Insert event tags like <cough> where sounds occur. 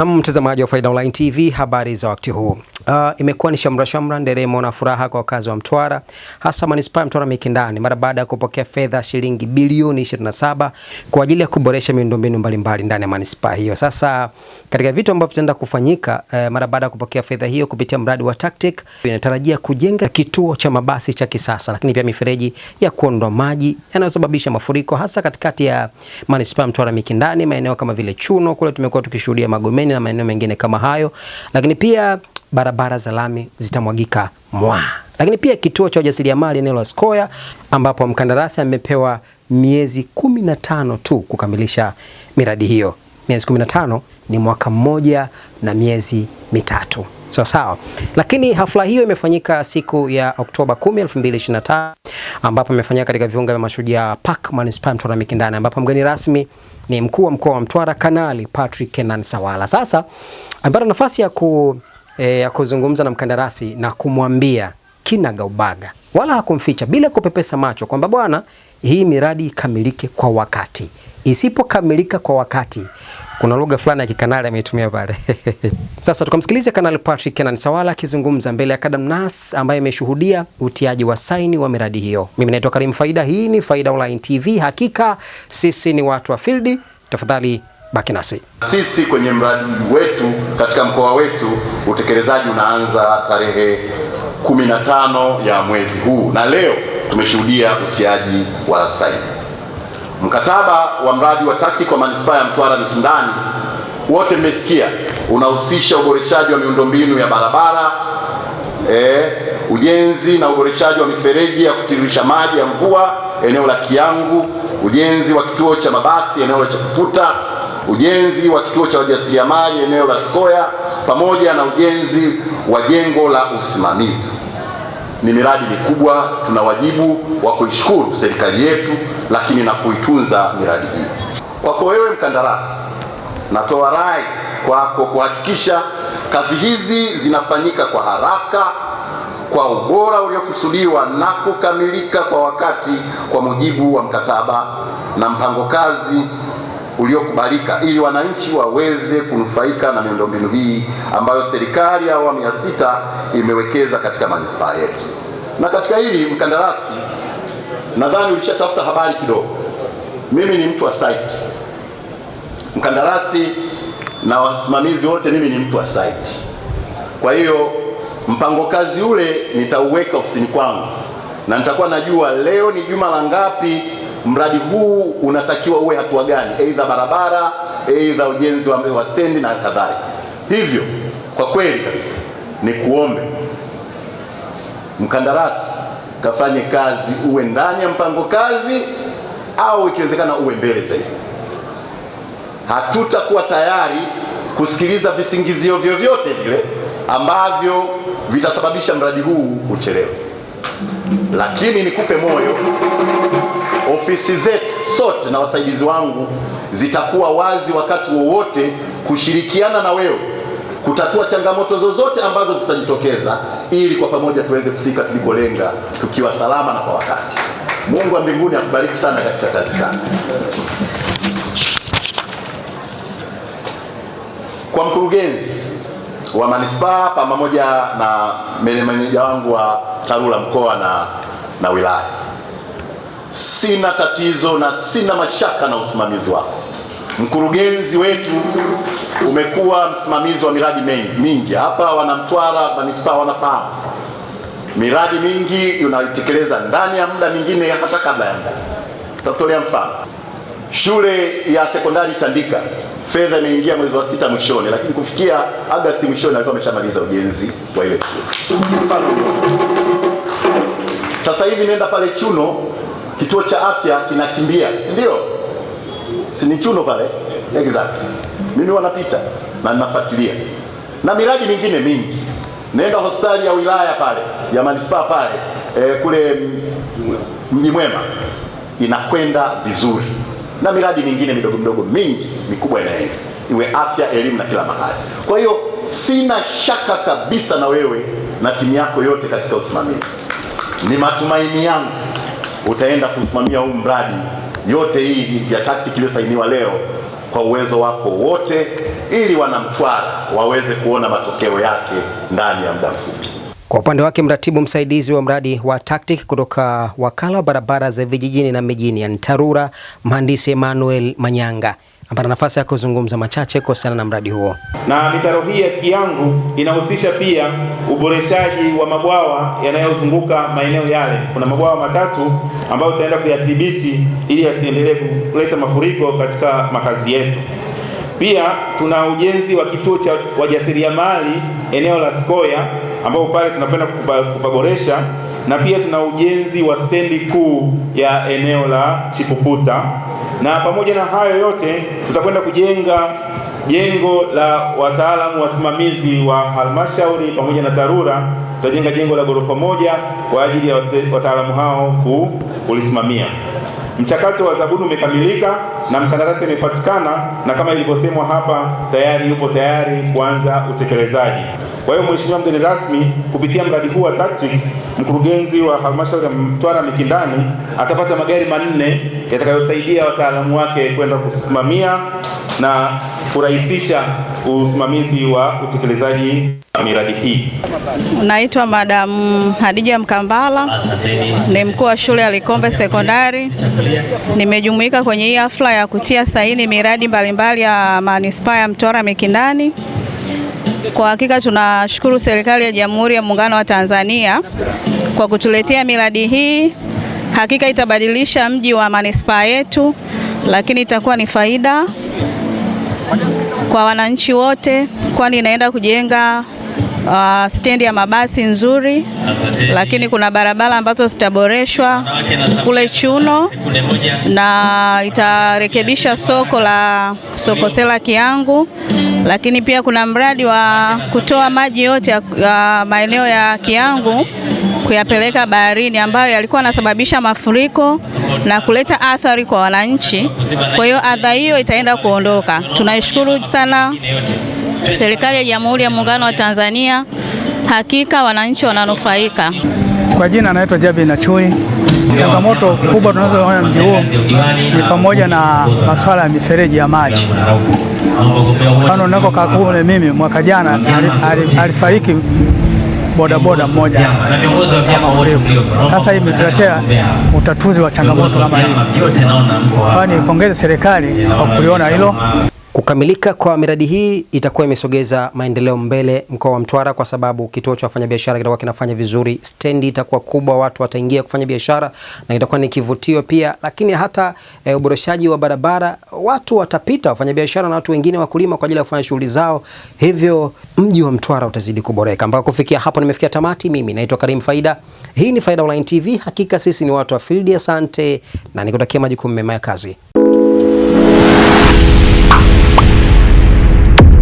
Na mtazamaji wa Faida Online TV, habari za wakati huu. Uh, imekuwa ni shamra shamra nderemo na furaha kwa wakazi wa Mtwara hasa manispaa ya Mtwara Mikindani mara baada ya kupokea fedha shilingi bilioni 27 kwa ajili ya kuboresha miundombinu mbalimbali ndani ya manispaa hiyo. Sasa katika vitu ambavyo vitaenda kufanyika eh, mara baada ya kupokea fedha hiyo kupitia mradi wa Tactic inatarajia kujenga kituo cha mabasi cha kisasa, lakini pia mifereji ya kuondoa maji yanayosababisha mafuriko hasa katikati ya manispaa ya Mtwara Mikindani, maeneo kama vile Chuno kule tumekuwa tukishuhudia Magomeni na maeneo mengine kama hayo, lakini pia barabara za lami zitamwagika mwa. Lakini pia kituo cha ujasiriamali eneo la Skoya ambapo mkandarasi amepewa miezi 15 tu kukamilisha miradi hiyo. Miezi 15 ni mwaka mmoja na miezi mitatu. Sawa so, sawa. Lakini hafla hiyo imefanyika siku ya Oktoba 10, 2025 ambapo imefanyika katika viunga vya Mashujaa Park Manispaa Mtwara Mikindani ambapo mgeni rasmi ni mkuu wa mkoa wa Mtwara Kanali Patrick Kenan Sawala. Sasa amepata nafasi ya ku e, ya kuzungumza na mkandarasi na kumwambia kinagaubaga, wala hakumficha bila kupepesa macho kwamba bwana, hii miradi ikamilike kwa wakati. Isipokamilika kwa wakati, kuna lugha fulani ya kikanali ameitumia pale. <laughs> Sasa tukamsikilize Kanali Patrick Kenan Sawala akizungumza mbele ya Kadamnas ambaye ameshuhudia utiaji wa saini wa miradi hiyo. Mimi naitwa Karim Faida, hii ni Faida Online TV. Hakika sisi ni watu wa field. Tafadhali baki nasi. Sisi kwenye mradi wetu katika mkoa wetu utekelezaji unaanza tarehe 15 ya mwezi huu na leo tumeshuhudia utiaji wa saini mkataba wa mradi wa TACTIC kwa manispaa ya Mtwara Mitindani. Wote mmesikia unahusisha uboreshaji wa miundombinu ya barabara eh, ujenzi na uboreshaji wa mifereji ya kutiririsha maji ya mvua eneo la Kiangu, ujenzi wa kituo cha mabasi eneo la Chaputa, ujenzi wa kituo cha wajasiriamali eneo la Sikoya pamoja na ujenzi wa jengo la usimamizi. Ni miradi mikubwa, tuna wajibu wa kuishukuru serikali yetu, lakini na kuitunza miradi hii. Kwako wewe mkandarasi, natoa rai kwako kuhakikisha kazi hizi zinafanyika kwa haraka kwa ubora uliokusudiwa na kukamilika kwa wakati kwa mujibu wa mkataba na mpango kazi uliokubalika ili wananchi waweze kunufaika na miundombinu hii ambayo serikali ya awamu ya sita imewekeza katika manispaa yetu. Na katika hili mkandarasi, nadhani ulishatafuta habari kidogo. Mimi ni mtu wa site, mkandarasi na wasimamizi wote, mimi ni mtu wa site. Kwa hiyo mpango kazi ule nitauweka ofisini kwangu na nitakuwa najua leo ni juma la ngapi mradi huu unatakiwa uwe hatua gani, aidha barabara, aidha ujenzi wa, wa stendi na kadhalika. Hivyo kwa kweli kabisa ni kuombe mkandarasi kafanye kazi, uwe ndani ya mpango kazi au ikiwezekana uwe mbele zaidi. Hatutakuwa tayari kusikiliza visingizio vyovyote vile ambavyo vitasababisha mradi huu uchelewe, lakini nikupe moyo ofisi zetu sote na wasaidizi wangu zitakuwa wazi wakati wowote kushirikiana na wewe kutatua changamoto zozote ambazo zitajitokeza ili kwa pamoja tuweze kufika tulikolenga tukiwa salama na kwa wakati. Mungu wa mbinguni akubariki sana katika kazi zako. Kwa mkurugenzi wa manispaa pamoja na meneja wangu wa TARURA mkoa na, na wilaya Sina tatizo na sina mashaka na usimamizi wako. Mkurugenzi wetu umekuwa msimamizi wa miradi mingi hapa, wanamtwara manispaa wanafahamu miradi mingi unaitekeleza ndani ya muda, mingine hata kabla ya muda. Tutakutolea mfano shule ya sekondari Tandika, fedha imeingia mwezi wa sita mwishoni, lakini kufikia Agosti mwishoni alikuwa ameshamaliza ujenzi wa ile shule. Sasa hivi nenda pale Chuno kituo cha afya kinakimbia, si ndio? Si ni chuno pale exactly. Mimi wanapita na ninafuatilia na miradi mingine mingi, naenda hospitali ya wilaya pale ya manispaa pale e, kule mji mwema inakwenda vizuri, na miradi mingine midogo midogo mingi mikubwa inaenda, iwe afya, elimu na kila mahali. Kwa hiyo sina shaka kabisa na wewe na timu yako yote katika usimamizi. Ni matumaini yangu utaenda kusimamia huu mradi, yote hii ya tactic iliyosainiwa leo kwa uwezo wako wote, ili wanamtwara waweze kuona matokeo yake ndani ya muda mfupi. Kwa upande wake mratibu msaidizi wa mradi wa TACTIC kutoka wakala wa barabara za vijijini na mijini ya TARURA mhandisi Emmanuel Manyanga ana nafasi ya kuzungumza machache kuhusiana na mradi huo. Na mitaro hii ya Kiangu inahusisha pia uboreshaji wa mabwawa yanayozunguka maeneo yale. Kuna mabwawa matatu ambayo tutaenda kuyadhibiti ili yasiendelee kuleta mafuriko katika makazi yetu. Pia tuna ujenzi wa kituo cha wajasiriamali eneo la Skoya ambao pale tunapenda kupaboresha na pia tuna ujenzi wa stendi kuu ya eneo la Chipuputa na pamoja na hayo yote tutakwenda kujenga jengo la wataalamu wasimamizi wa halmashauri pamoja na TARURA. Tutajenga jengo la ghorofa moja kwa ajili ya wataalamu hao kulisimamia. Mchakato wa zabuni umekamilika na mkandarasi amepatikana, na kama ilivyosemwa hapa tayari yupo tayari kuanza utekelezaji. Kwa hiyo Mheshimiwa mgeni rasmi, kupitia mradi huu wa TACTIC mkurugenzi wa halmashauri ya Mtwara Mikindani atapata magari manne yatakayosaidia wataalamu wake kwenda kusimamia na kurahisisha usimamizi wa utekelezaji miradi hii. Naitwa Madamu Hadija Mkambala, ni mkuu wa shule ya Likombe Sekondari. Nimejumuika kwenye hii hafla ya kutia saini miradi mbalimbali mbali ya manispaa ya Mtwara Mikindani. Kwa hakika tunashukuru serikali ya Jamhuri ya Muungano wa Tanzania kwa kutuletea miradi hii. Hakika itabadilisha mji wa manispaa yetu, lakini itakuwa ni faida kwa wananchi wote, kwani inaenda kujenga uh, stendi ya mabasi nzuri, lakini kuna barabara ambazo zitaboreshwa kule Chuno na itarekebisha soko la Sokosela Kiangu, lakini pia kuna mradi wa kutoa maji yote ya uh, maeneo ya Kiangu kuyapeleka baharini ambayo yalikuwa yanasababisha mafuriko na kuleta athari kwa wananchi. Kwa hiyo adha hiyo itaenda kuondoka. Tunaishukuru sana serikali ya Jamhuri ya Muungano wa Tanzania. Hakika wananchi wananufaika. Kwa jina anaitwa Jabi na Chui. Changamoto kubwa tunazoona mji huu ni pamoja na masuala ya mifereji ya maji. Mfano, nako kakule mimi mwaka jana alifariki bodaboda mmoja kwa mafuriko. Sasa hii imetuletea utatuzi wa changamoto kama hii, kwani nipongeze serikali kwa kuliona hilo Kukamilika kwa miradi hii itakuwa imesogeza maendeleo mbele mkoa wa Mtwara, kwa sababu kituo cha wafanyabiashara kitakuwa kinafanya vizuri, stendi itakuwa kubwa, watu wataingia kufanya biashara na itakuwa ni kivutio pia. Lakini hata e, uboreshaji wa barabara, watu watapita, wafanyabiashara na watu wengine, wakulima kwa ajili ya kufanya shughuli zao. Hivyo mji wa Mtwara utazidi kuboreka. Mpaka kufikia hapo nimefikia tamati. Mimi naitwa Karim Faida, hii ni Faida Online TV. Hakika sisi ni watu wa field. Asante na nikutakia majukumu mema ya kazi.